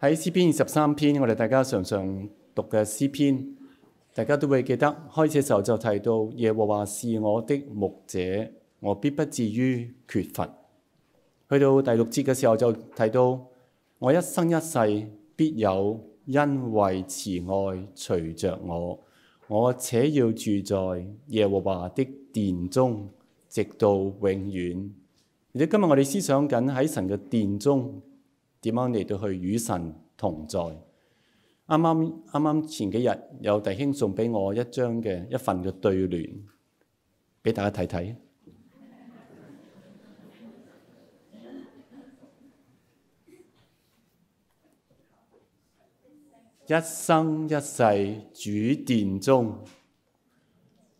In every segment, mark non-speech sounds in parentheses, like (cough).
喺詩篇二十三篇，我哋大家常常讀嘅詩篇，大家都會記得開始嘅時候就提到耶和華是我的牧者，我必不至於缺乏。去到第六節嘅時候就提到我一生一世必有恩惠慈愛隨着我，我且要住在耶和華的殿中，直到永遠。而且今日我哋思想緊喺神嘅殿中。點樣嚟到去與神同在？啱啱啱啱前幾日有弟兄送俾我一張嘅一份嘅對聯，俾大家睇睇。一生一世主殿中，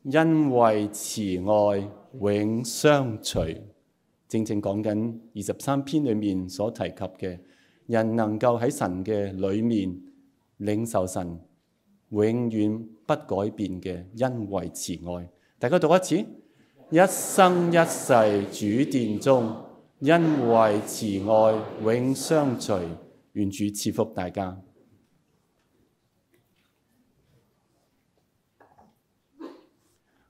因為慈愛永相隨。正正講緊二十三篇裏面所提及嘅。人能夠喺神嘅裏面領受神永遠不改變嘅恩惠慈愛，大家讀一次，一生一世主殿中，恩惠慈愛永相隨。願主賜福大家。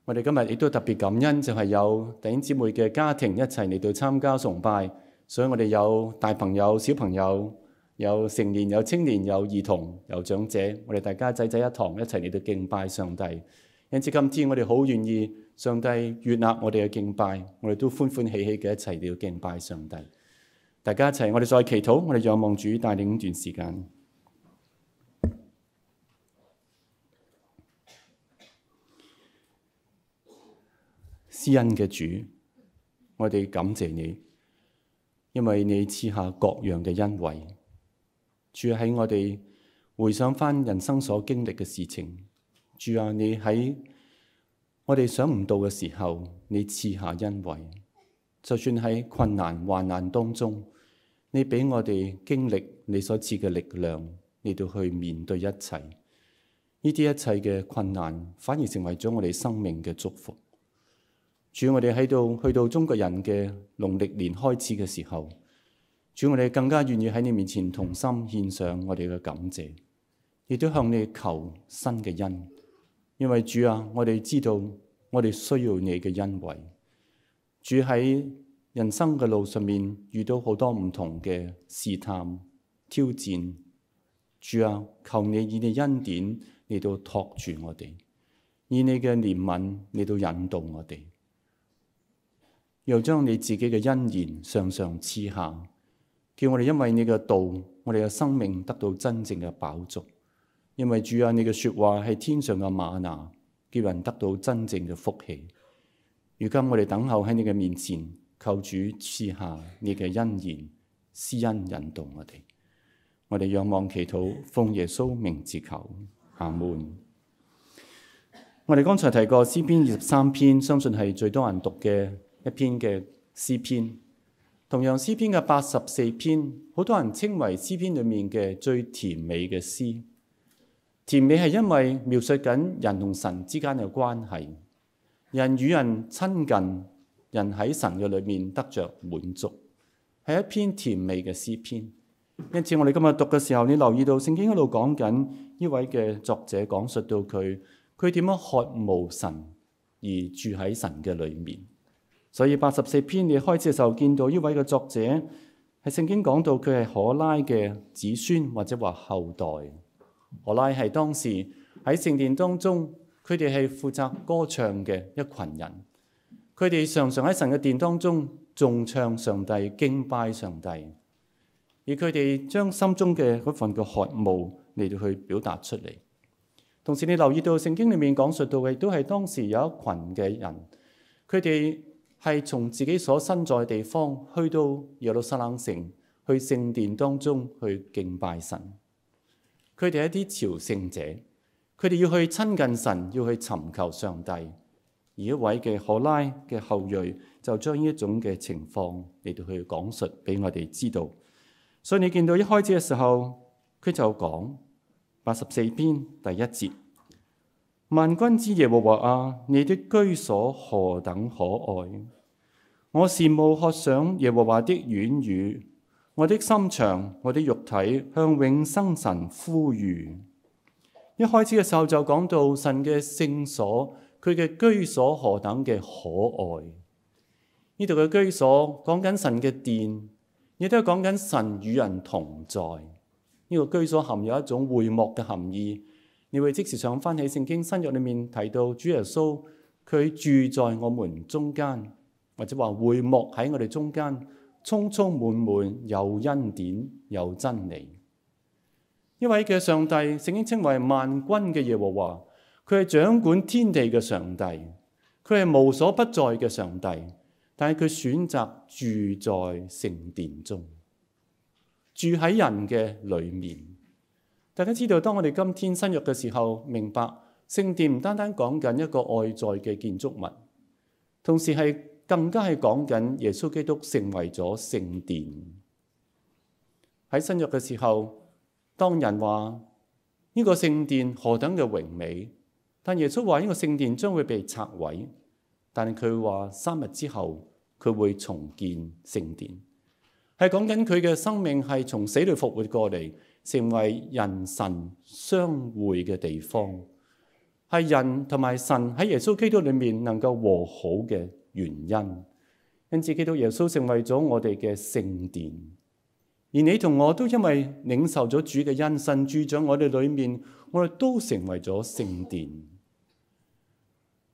我哋今日亦都特別感恩，就係有弟兄姊妹嘅家庭一齊嚟到參加崇拜。所以我哋有大朋友、小朋友，有成年、有青年、有兒童、有長者，我哋大家濟濟一堂一齊嚟到敬拜上帝。因此，今天我哋好願意上帝悅納我哋嘅敬拜，我哋都歡歡喜喜嘅一齊嚟到敬拜上帝。大家一齊，我哋再祈禱，我哋仰望主帶領一段時間。施恩嘅主，我哋感謝你。因為你賜下各樣嘅恩惠，主喺，我哋回想翻人生所經歷嘅事情，主啊，你喺我哋想唔到嘅時候，你賜下恩惠，就算喺困難患難當中，你俾我哋經歷你所賜嘅力量，你都去面對一切，呢啲一切嘅困難反而成為咗我哋生命嘅祝福。主我，我哋喺度去到中國人嘅農曆年開始嘅時候，主，我哋更加願意喺你面前同心獻上我哋嘅感謝，亦都向你求新嘅恩。因為主啊，我哋知道我哋需要你嘅恩惠。主喺人生嘅路上面遇到好多唔同嘅試探、挑戰。主啊，求你以你恩典嚟到托住我哋，以你嘅憐憫嚟到引導我哋。又將你自己嘅恩言上上賜下，叫我哋因為你嘅道，我哋嘅生命得到真正嘅飽足。因為主啊，你嘅說話係天上嘅瑪娜，叫人得到真正嘅福氣。如今我哋等候喺你嘅面前，求主賜下你嘅恩言，施恩引導我哋。我哋仰望祈禱，奉耶穌名字求阿門。我哋剛才提過詩篇二十三篇，相信係最多人讀嘅一篇嘅詩篇，同樣詩篇嘅八十四篇，好多人稱為詩篇裏面嘅最甜美嘅詩。甜美係因為描述緊人同神之間嘅關係，人與人親近，人喺神嘅裏面得着滿足，係一篇甜美嘅詩篇。因此我哋今日讀嘅時候，你留意到聖經一路講緊呢位嘅作者，講述到佢佢點樣渴慕神而住喺神嘅裏面。所以八十四篇你開始嘅時候，見到呢位嘅作者，係聖經講到佢係可拉嘅子孫或者話後代。可拉係當時喺聖殿當中，佢哋係負責歌唱嘅一群人。佢哋常常喺神嘅殿當中重唱上帝、敬拜上帝，而佢哋將心中嘅嗰份嘅渴慕嚟到去表達出嚟。同時你留意到聖經裏面講述到嘅都係當時有一群嘅人，佢哋。係從自己所身在嘅地方去到耶路撒冷城，去聖殿當中去敬拜神。佢哋係一啲朝聖者，佢哋要去親近神，要去尋求上帝。而一位嘅可拉嘅後裔就將呢一種嘅情況嚟到去講述俾我哋知道。所以你見到一開始嘅時候，佢就講八十四篇第一節。萬軍之耶和華啊，你的居所何等可愛！我羨慕渴想耶和華的院宇，我的心腸，我的肉體向永生神呼籲。一開始嘅時候就講到神嘅聖所，佢嘅居所何等嘅可愛？呢度嘅居所講緊神嘅殿，亦都係講緊神與人同在。呢個居所含有一種會幕嘅含義。你會即時想翻起聖經新約裏面提到主耶穌，佢住在我們中間，或者話會幕喺我哋中間，充充滿滿有恩典有真理。呢位嘅上帝，聖經稱為萬軍嘅耶和華，佢係掌管天地嘅上帝，佢係無所不在嘅上帝，但係佢選擇住在聖殿中，住喺人嘅裏面。大家知道，當我哋今天新約嘅時候，明白聖殿唔單單講緊一個外在嘅建築物，同時係更加係講緊耶穌基督成為咗聖殿。喺新約嘅時候，當人話呢個聖殿何等嘅榮美，但耶穌話呢個聖殿將會被拆毀，但佢話三日之後佢會重建聖殿，係講緊佢嘅生命係從死裡復活過嚟。成為人神相會嘅地方，係人同埋神喺耶穌基督裏面能夠和好嘅原因。因此，基督耶穌成為咗我哋嘅聖殿，而你同我都因為領受咗主嘅恩，神住咗我哋裏面，我哋都成為咗聖殿。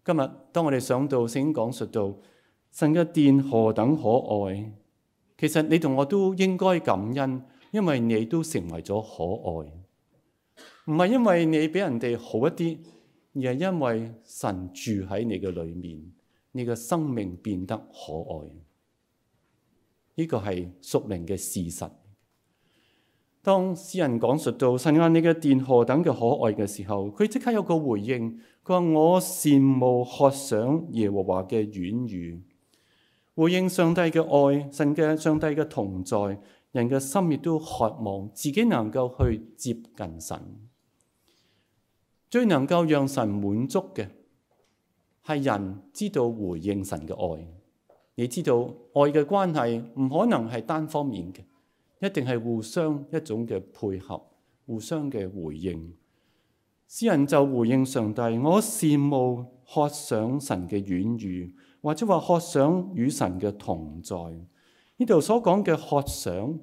今日當我哋想到聖經講述到神嘅殿何等可愛，其實你同我都應該感恩。因為你都成為咗可愛，唔係因為你比人哋好一啲，而係因為神住喺你嘅裏面，你嘅生命變得可愛。呢、這個係屬靈嘅事實。當詩人講述到神啊，你嘅電荷等嘅可愛嘅時候，佢即刻有個回應，佢話我羨慕渴想耶和華嘅軟語，回應上帝嘅愛，神嘅上帝嘅同在。人嘅心亦都渴望自己能夠去接近神，最能夠讓神滿足嘅係人知道回應神嘅愛。你知道愛嘅關係唔可能係單方面嘅，一定係互相一種嘅配合，互相嘅回應。詩人就回應上帝，我羨慕渴想神嘅軟語，或者話渴想與神嘅同在。呢度所講嘅渴想，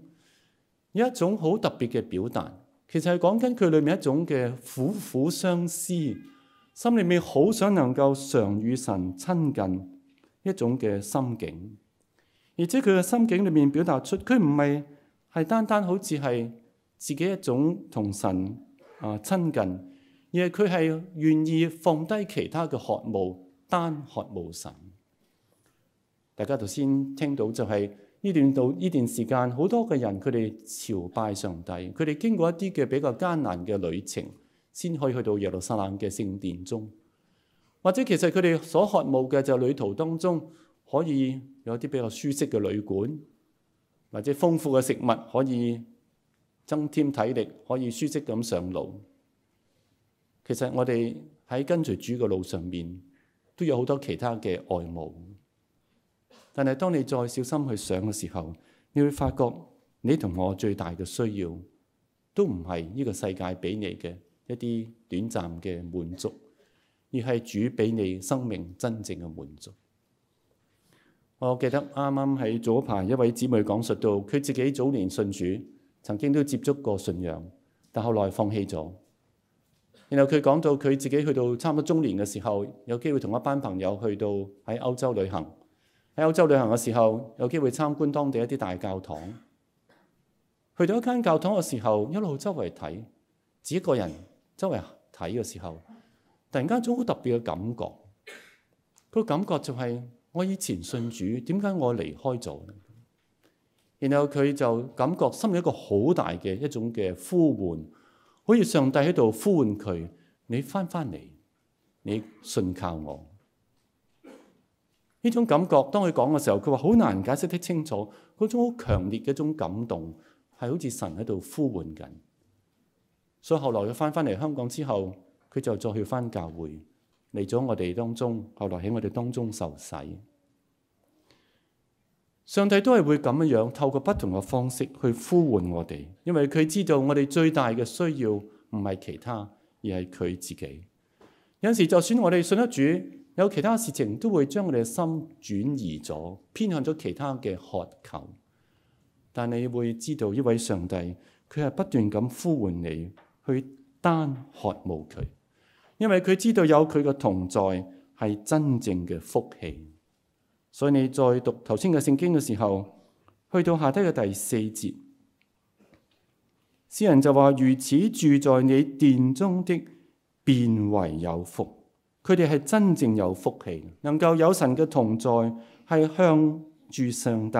有一種好特別嘅表達，其實係講緊佢裏面一種嘅苦苦相思，心裏面好想能夠常與神親近，一種嘅心境。而且佢嘅心境裏面表達出，佢唔係係單單好似係自己一種同神啊親近，而係佢係願意放低其他嘅渴慕，單渴慕神。大家頭先聽到就係、是。呢段道，呢段時間好多嘅人佢哋朝拜上帝，佢哋經過一啲嘅比較艱難嘅旅程，先可以去到耶路撒冷嘅聖殿中，或者其實，佢哋所渴慕嘅就旅途當中可以有啲比較舒適嘅旅館或者豐富嘅食物可以增添體力，可以舒適咁上路。其實，我哋喺跟隨主嘅路上面，都有好多其他嘅外務。但係，當你再小心去想嘅時候，你會發覺你同我最大嘅需要都唔係呢個世界俾你嘅一啲短暫嘅滿足，而係主俾你生命真正嘅滿足。我記得啱啱喺早排一位姊妹講述到，佢自己早年信主，曾經都接觸過信仰，但後來放棄咗。然後佢講到，佢自己去到差唔多中年嘅時候，有機會同一班朋友去到喺歐洲旅行。喺歐洲旅行嘅時候，有機會參觀當地一啲大教堂。去到一間教堂嘅時候，一路周圍睇，自己個人周圍睇嘅時候，突然間一種好特別嘅感覺。個感覺就係、是、我以前信主，點解我離開咗？然後佢就感覺心裏一個好大嘅一種嘅呼喚，好似上帝喺度呼喚佢：你翻返嚟，你信靠我。呢種感覺，當佢講嘅時候，佢話好難解釋得清楚。嗰種好強烈嘅一種感動，係好似神喺度呼喚緊。所以後來佢翻返嚟香港之後，佢就再去翻教會，嚟咗我哋當中。後來喺我哋當中受洗，上帝都係會咁樣樣，透過不同嘅方式去呼喚我哋。因為佢知道我哋最大嘅需要唔係其他，而係佢自己。有陣時就算我哋信得主。有其他事情都會將我哋嘅心轉移咗，偏向咗其他嘅渴求。但你會知道一位上帝，佢係不斷咁呼喚你去單渴慕佢，因為佢知道有佢嘅同在係真正嘅福氣。所以，你再讀頭先嘅聖經嘅時候，去到下低嘅第四節，詩人就話：如此住在你殿中的，便為有福。佢哋係真正有福氣，能夠有神嘅同在，係向住上帝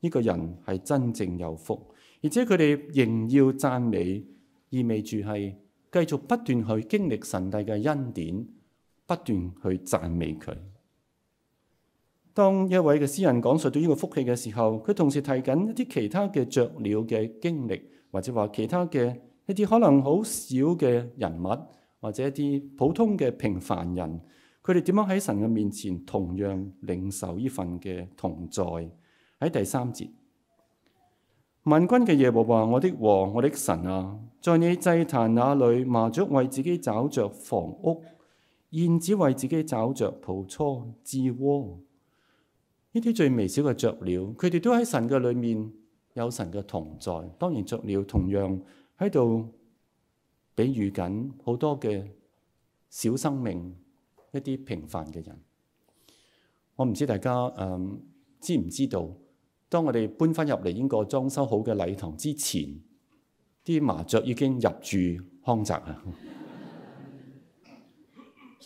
呢個人係真正有福，而且佢哋仍要讚美，意味住係繼續不斷去經歷神帝嘅恩典，不斷去讚美佢。當一位嘅詩人講述到呢個福氣嘅時候，佢同時提緊一啲其他嘅雀鳥嘅經歷，或者話其他嘅一啲可能好少嘅人物。或者一啲普通嘅平凡人，佢哋點樣喺神嘅面前同樣領受呢份嘅同在？喺第三節，萬軍嘅耶和華，我的王，我的神啊，在你祭壇那裏，麻雀為自己找着房屋，燕子為自己找着抱雛之窩。呢啲最微小嘅雀鳥，佢哋都喺神嘅裏面有神嘅同在。當然，雀鳥同樣喺度。比喻緊好多嘅小生命，一啲平凡嘅人。我唔知大家誒、嗯、知唔知道，當我哋搬翻入嚟呢個裝修好嘅禮堂之前，啲麻雀已經入住康澤啦。 (laughs)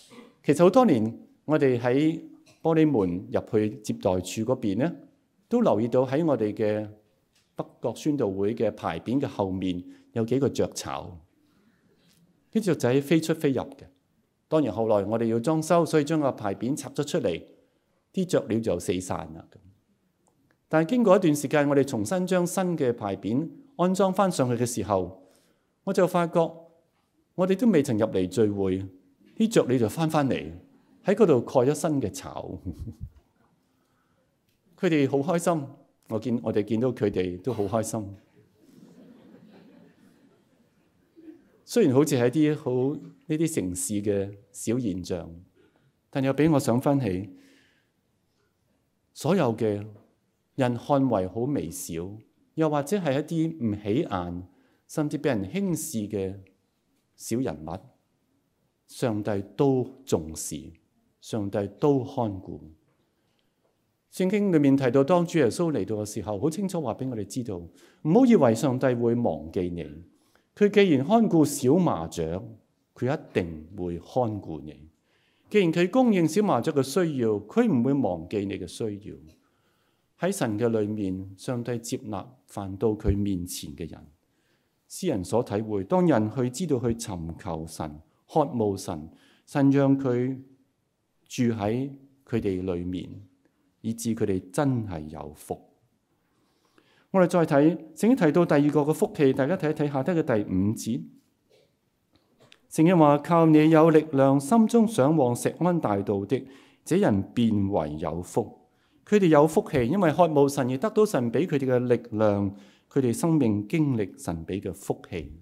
其實好多年，我哋喺玻璃門入去接待處嗰邊咧，都留意到喺我哋嘅北角宣道會嘅牌匾嘅後面有幾個雀巢。啲雀仔飛出飛入嘅，當然後來我哋要裝修，所以將個牌匾拆咗出嚟，啲雀鳥就死散啦。但係經過一段時間，我哋重新將新嘅牌匾安裝翻上去嘅時候，我就發覺我哋都未曾入嚟聚會，啲雀鳥就翻翻嚟喺嗰度蓋咗新嘅巢。佢哋好開心，我見我哋見到佢哋都好開心。雖然好似係一啲好呢啲城市嘅小現象，但又俾我想翻起，所有嘅人看為好微小，又或者係一啲唔起眼，甚至俾人輕視嘅小人物，上帝都重視，上帝都看顧。聖經裡面提到，當主耶穌嚟到嘅時候，好清楚話俾我哋知道，唔好以為上帝會忘記你。佢既然看顧小麻雀，佢一定會看顧你。既然佢供應小麻雀嘅需要，佢唔會忘記你嘅需要。喺神嘅裏面，上帝接納犯到佢面前嘅人。詩人所體會，當人去知道去尋求神、渴慕神，神讓佢住喺佢哋裏面，以致佢哋真係有福。我哋再睇，曾經提到第二個嘅福氣，大家睇一睇下低嘅第五節。成日話靠你有力量，心中想往錫安大道的，這人便為有福。佢哋有福氣，因為渴慕神而得到神俾佢哋嘅力量，佢哋生命經歷神俾嘅福氣。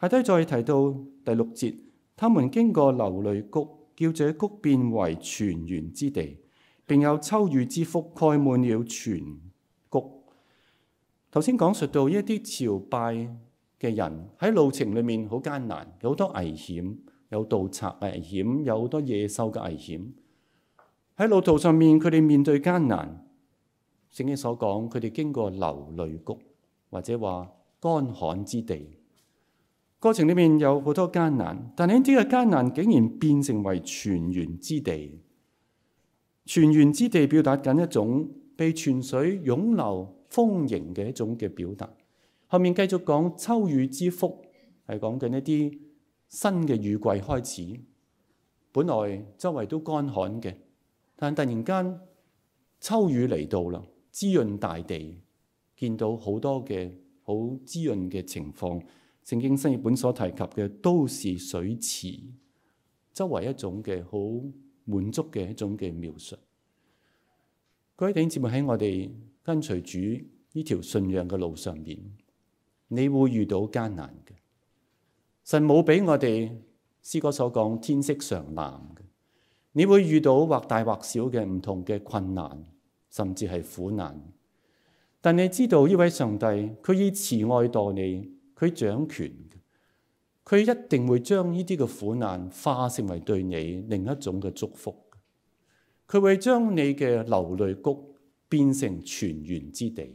下低再提到第六節，他們經過流淚谷，叫這谷變為泉源之地，並有秋雨之福，蓋滿了全。頭先講述到一啲朝拜嘅人喺路程裏面好艱難，有好多危險，有盜賊危險，有好多野獸嘅危險。喺路途上面，佢哋面對艱難。聖經所講，佢哋經過流淚谷，或者話乾旱之地。過程裏面有好多艱難，但係呢啲嘅艱難竟然變成為泉源之地。泉源之地表達緊一種被泉水湧流。豐盈嘅一種嘅表達。後面繼續講秋雨之福，係講緊一啲新嘅雨季開始。本來周圍都乾旱嘅，但突然間秋雨嚟到啦，滋潤大地，見到好多嘅好滋潤嘅情況。聖經新譯本所提及嘅都係水池，周圍一種嘅好滿足嘅一種嘅描述。各位弟兄姊妹，喺我哋跟隨主呢條信仰嘅路上面，你會遇到艱難嘅。神冇俾我哋詩歌所講，天色常藍嘅，你會遇到或大或小嘅唔同嘅困難，甚至係苦難。但你知道呢位上帝，佢以慈愛待你，佢掌權，佢一定會將呢啲嘅苦難化成為對你另一種嘅祝福。佢會將你嘅流淚谷。變成泉源之地，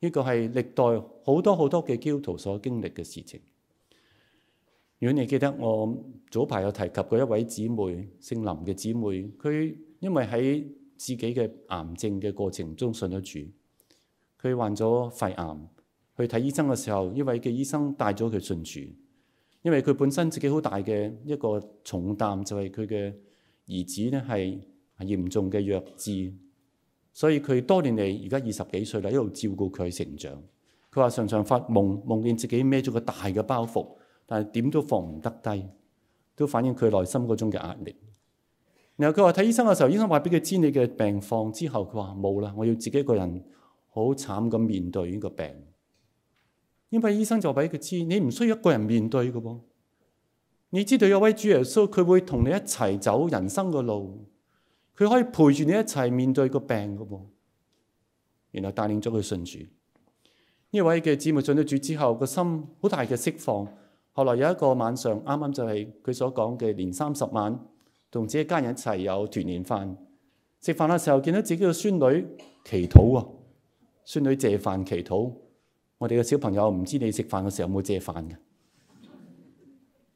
呢個係歷代好多好多嘅基督徒所經歷嘅事情。如果你記得我早排有提及過一位姊妹，姓林嘅姊妹，佢因為喺自己嘅癌症嘅過程中信咗主，佢患咗肺癌去睇醫生嘅時候，一位嘅醫生帶咗佢信主，因為佢本身自己好大嘅一個重擔，就係佢嘅兒子咧係嚴重嘅弱智。所以佢多年嚟，而家二十幾歲啦，一路照顧佢成長。佢話常常發夢，夢見自己孭咗個大嘅包袱，但係點都放唔得低，都反映佢內心嗰種嘅壓力。然後佢話睇醫生嘅時候，醫生話俾佢知你嘅病況之後，佢話冇啦，我要自己一個人好慘咁面對呢個病。因為醫生就俾佢知，你唔需要一個人面對嘅噃。你知道有位主耶穌，佢會同你一齊走人生嘅路。佢可以陪住你一齊面對個病噶喎，原來帶領咗佢信主。呢位嘅姊妹信咗主之後，個心好大嘅釋放。後來有一個晚上，啱啱就係佢所講嘅年三十晚，同自己家人一齊有團年飯。食飯嘅時候，見到自己嘅孫女祈禱啊！孫女借飯祈禱。我哋嘅小朋友唔知你食飯嘅時候有冇借飯嘅？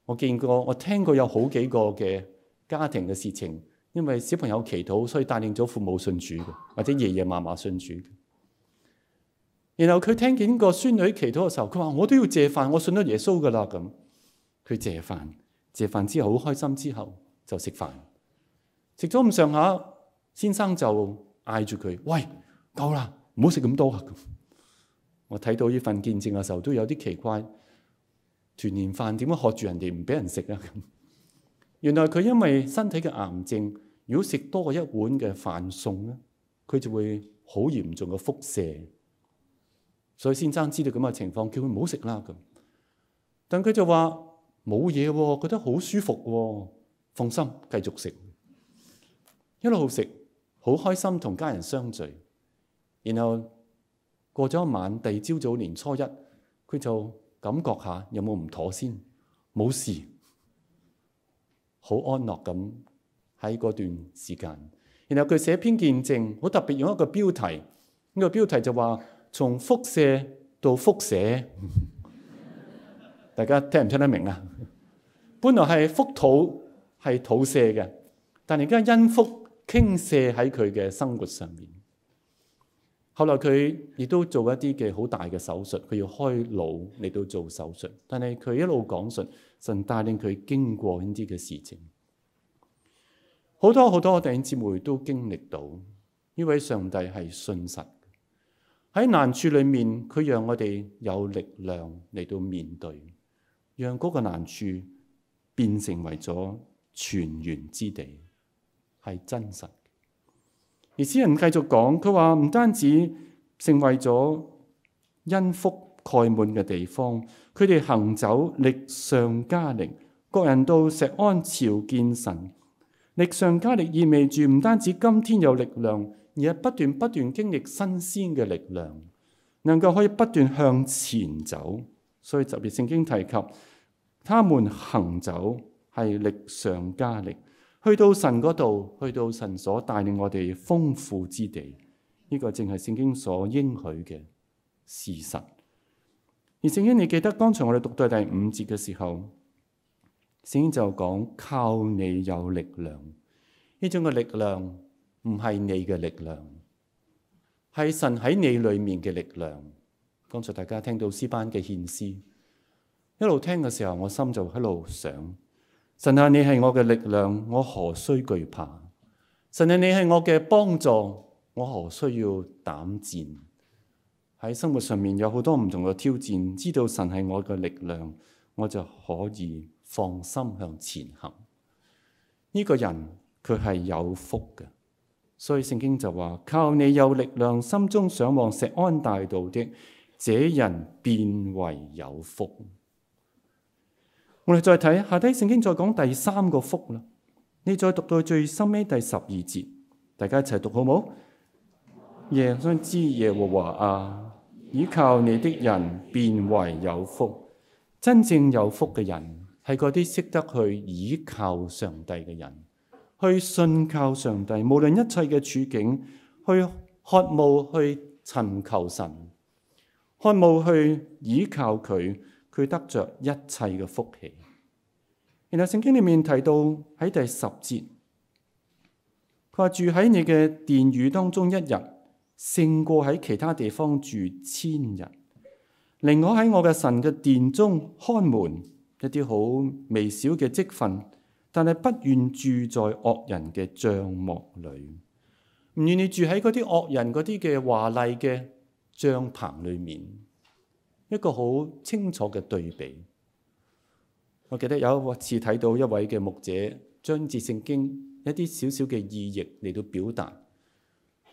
我見過，我聽過有好幾個嘅家庭嘅事情。因為小朋友祈禱，所以帶領咗父母信主嘅，或者爺爺嫲嫲信主。然後佢聽見個孫女祈禱嘅時候，佢話我都要謝飯，我信咗耶穌噶啦㗎喇咁。佢謝飯，謝飯之後好開心，之後就食飯。食咗咁上下，先生就嗌住佢：喂，夠啦，唔好食咁多啊！我睇到呢份見證嘅時候，都有啲奇怪，團年飯點樣喝住人哋唔俾人食啊？原來佢因為身體嘅癌症。如果食多過一碗嘅飯餸咧，佢就會好嚴重嘅腹瀉。所以先生知道咁嘅情況，叫佢唔好食啦咁。但佢就話冇嘢喎，覺得好舒服喎，啊，放心繼續食，一路食，好開心同家人相聚。然後過咗一晚，第二朝早年初一，佢就感覺下有冇唔妥先，冇事，好安樂咁。喺嗰段時間，然後佢寫篇見證，好特別用一個標題。呢、這個標題就話：從輻射到輻射， (laughs) 大家聽唔聽得明啊？本來係腹肚係肚瀉嘅，但係而家因福傾瀉喺佢嘅生活上面。後來佢亦都做一啲嘅好大嘅手術，佢要開腦嚟到做手術。但係佢一路講述神帶領佢經過呢啲嘅事情。好多好多弟兄姊妹都經歷到呢位上帝係信實，喺難處裏面，佢讓我哋有力量嚟到面對，讓嗰個難處變成為咗泉源之地，係真實嘅。而詩人繼續講，佢話唔單止成為咗恩福蓋滿嘅地方，佢哋行走力上加力，各人到錫安朝見神。力上加力意味住唔單止今天有力量，而係不斷不斷經歷新鮮嘅力量，能夠可以不斷向前走。所以特別聖經提及，他們行走係力上加力，去到神嗰度，去到神所帶領我哋豐富之地，呢個正係聖經所應許嘅事實。而聖經你記得剛才我哋讀到第五節嘅時候。先就講靠你有力量，呢種嘅力量唔係你嘅力量，係神喺你裏面嘅力量。剛才大家聽到詩班嘅獻詩，一路聽嘅時候，我心就一路想：「神啊，你係我嘅力量，我何須懼怕？神啊，你係我嘅幫助，我何須要膽戰？」喺生活上面有好多唔同嘅挑戰，知道神係我嘅力量，我就可以，放心向前行，呢、這個人佢係有福嘅，所以聖經就話靠你有力量，心中想往錫安大道的，這人便為有福。我哋再睇下，底聖經再講第三個福啦。你再讀到最深尾第十二節，大家一齊讀好冇耶？Yeah, 萬軍之耶和華啊，依靠你的人便為有福，真正有福嘅人。係嗰啲識得去倚靠上帝嘅人，去信靠上帝，無論一切嘅處境，去渴慕去尋求神，渴慕去倚靠佢，佢得着一切嘅福氣。然後聖經裏面提到喺第十節，佢話住喺你嘅殿宇當中一日，勝過喺其他地方住千日。令我喺我嘅神嘅殿中開門。一啲好微小嘅職分，但係不願住在惡人嘅帳幕裏，唔願意住喺嗰啲惡人嗰啲嘅華麗嘅帳篷裏面。一個好清楚嘅對比。我記得有一次睇到一位嘅牧者將住聖經一啲小小嘅意義嚟到表達，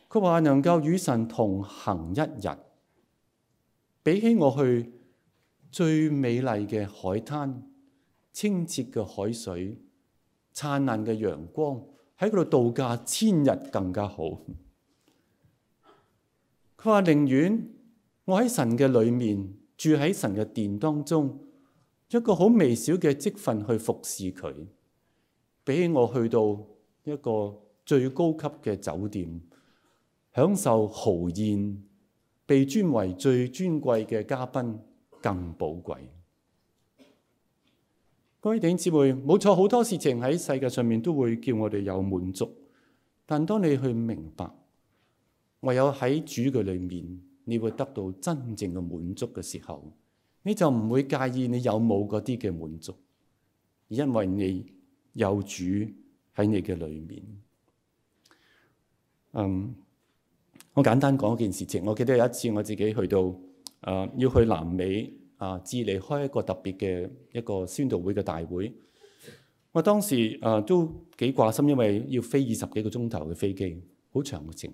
佢話能夠與神同行一日，比起我去。最美麗嘅海灘、清澈嘅海水、燦爛嘅陽光，喺度度假千日更加好。佢話：寧願我喺神嘅裏面住喺神嘅殿當中，一個好微小嘅職分去服侍佢，比起我去到一個最高級嘅酒店，享受豪宴，被尊為最尊貴嘅嘉賓。更寶貴，各位弟兄姊妹，冇錯，好多事情喺世界上面都會叫我哋有滿足，但當你去明白，唯有喺主嘅裏面，你會得到真正嘅滿足嘅時候，你就唔會介意你有冇嗰啲嘅滿足，而因為你有主喺你嘅裏面。嗯，我簡單講一件事情，我記得有一次我自己去到。誒、啊、要去南美啊，智利開一個特別嘅一個宣道會嘅大會，我當時誒、啊、都幾掛心，因為要飛二十幾個鐘頭嘅飛機，好長嘅程。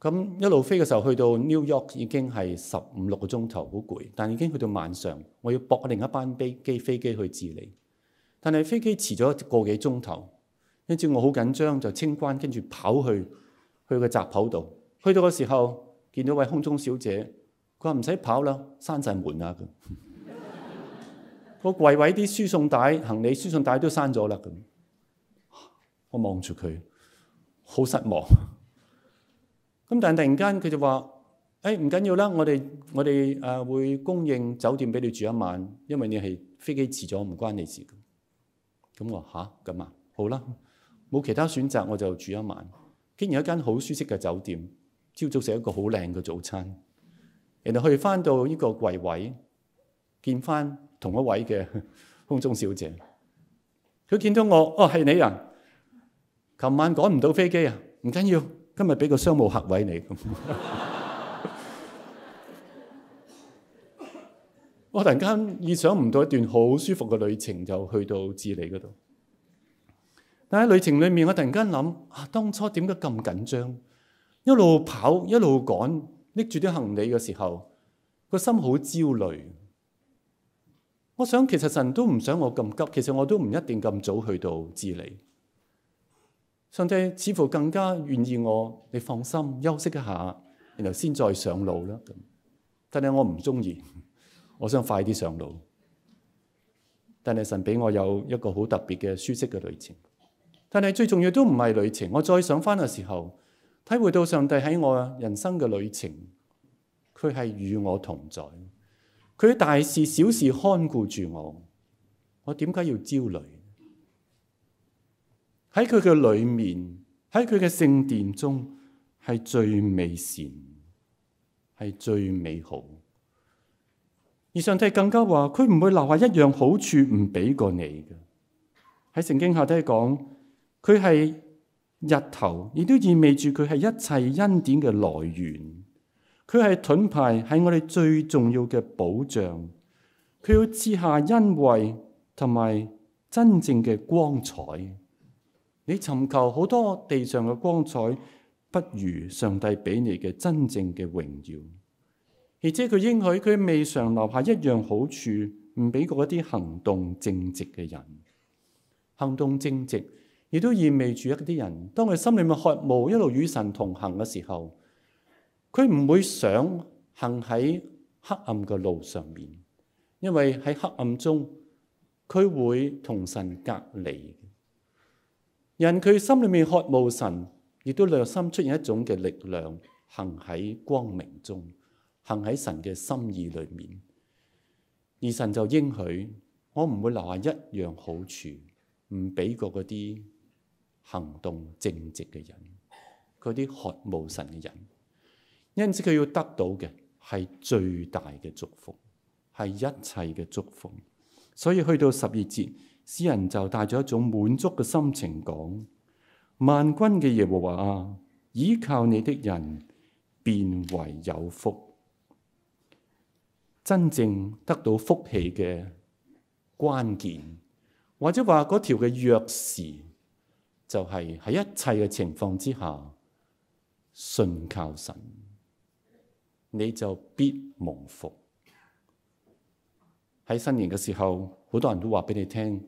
咁、嗯、一路飛嘅時候，去到 New York 已經係十五六個鐘頭，好攰。但已經去到晚上，我要駁另一班飛機飛機去智利。但係飛機遲咗個幾鐘頭，跟住我好緊張，就清關跟住跑去去個閘口度。去到嘅時候，見到位空中小姐。佢話唔使跑啦，閂晒門啊！咁 (laughs) 個櫃位啲輸送帶行李，輸送帶都閂咗啦。咁我望住佢，好失望。咁 (laughs) 但係突然間佢就話：誒唔緊要啦，我哋我哋誒、呃、會供應酒店俾你住一晚，因為你係飛機遲咗，唔關你事。咁咁我嚇咁啊，好啦，冇其他選擇，我就住一晚。竟然有一間好舒適嘅酒店，朝早食一個好靚嘅早餐。人哋去翻到呢個櫃位，見翻同一位嘅空中小姐。佢見到我，哦係你啊！琴晚趕唔到飛機啊，唔緊要，今日俾個商務客位你。 (laughs) 我突然間意想唔到一段好舒服嘅旅程，就去到智利嗰度。但喺旅程裡面，我突然間諗啊，當初點解咁緊張？一路跑，一路趕。拎住啲行李嘅時候，個心好焦慮。我想其實神都唔想我咁急，其實我都唔一定咁早去到智利。上帝似乎更加願意我，你放心休息一下，然後先再上路啦。但係我唔鍾意，我想快啲上路。但係神俾我有一個好特別嘅舒適嘅旅程。但係最重要都唔係旅程，我再上返嘅時候。體會到上帝喺我人生嘅旅程，佢係與我同在，佢大事小事看顧住我，我點解要焦慮？喺佢嘅裏面，喺佢嘅聖殿中，係最美善，係最美好。而上帝更加話，佢唔會留下一樣好處唔俾過你嘅。喺聖經下低係講，佢係。日頭亦都意味住佢係一切恩典嘅來源，佢係盾牌，係我哋最重要嘅保障。佢要賜下恩惠同埋真正嘅光彩。你尋求好多地上嘅光彩，不如上帝俾你嘅真正嘅榮耀。而且佢應許佢未嘗留下一樣好處，唔俾過一啲行動正直嘅人。行動正直。亦都意味住一啲人，當佢心裏面渴慕一路與神同行嘅時候，佢唔會想行喺黑暗嘅路上面，因為喺黑暗中，佢會同神隔離。人佢心裏面渴慕神，亦都內心出現一種嘅力量，行喺光明中，行喺神嘅心意裏面。而神就應許，我唔會留下一樣好處，唔俾過嗰啲行動正直嘅人，嗰啲渴慕神嘅人，因此佢要得到嘅係最大嘅祝福，係一切嘅祝福。所以去到十二節，詩人就帶咗一種滿足嘅心情講：萬軍嘅耶和華啊，倚靠你的人便為有福。真正得到福氣嘅關鍵，或者話嗰條嘅約誓。就係喺一切嘅情況之下，信靠神，你就必蒙福。喺新年嘅時候，好多人都話俾你聽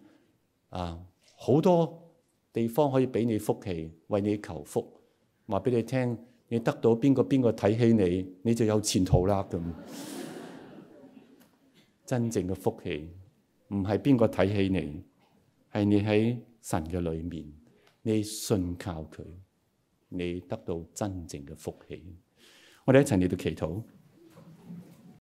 啊，好多地方可以俾你福氣，為你求福。話俾你聽，你得到邊個邊個睇起你，你就有前途啦。咁 (laughs) 真正嘅福氣唔係邊個睇起你，係你喺神嘅裏面。你信靠佢，你得到真正嘅福氣。我哋一齊嚟到祈禱。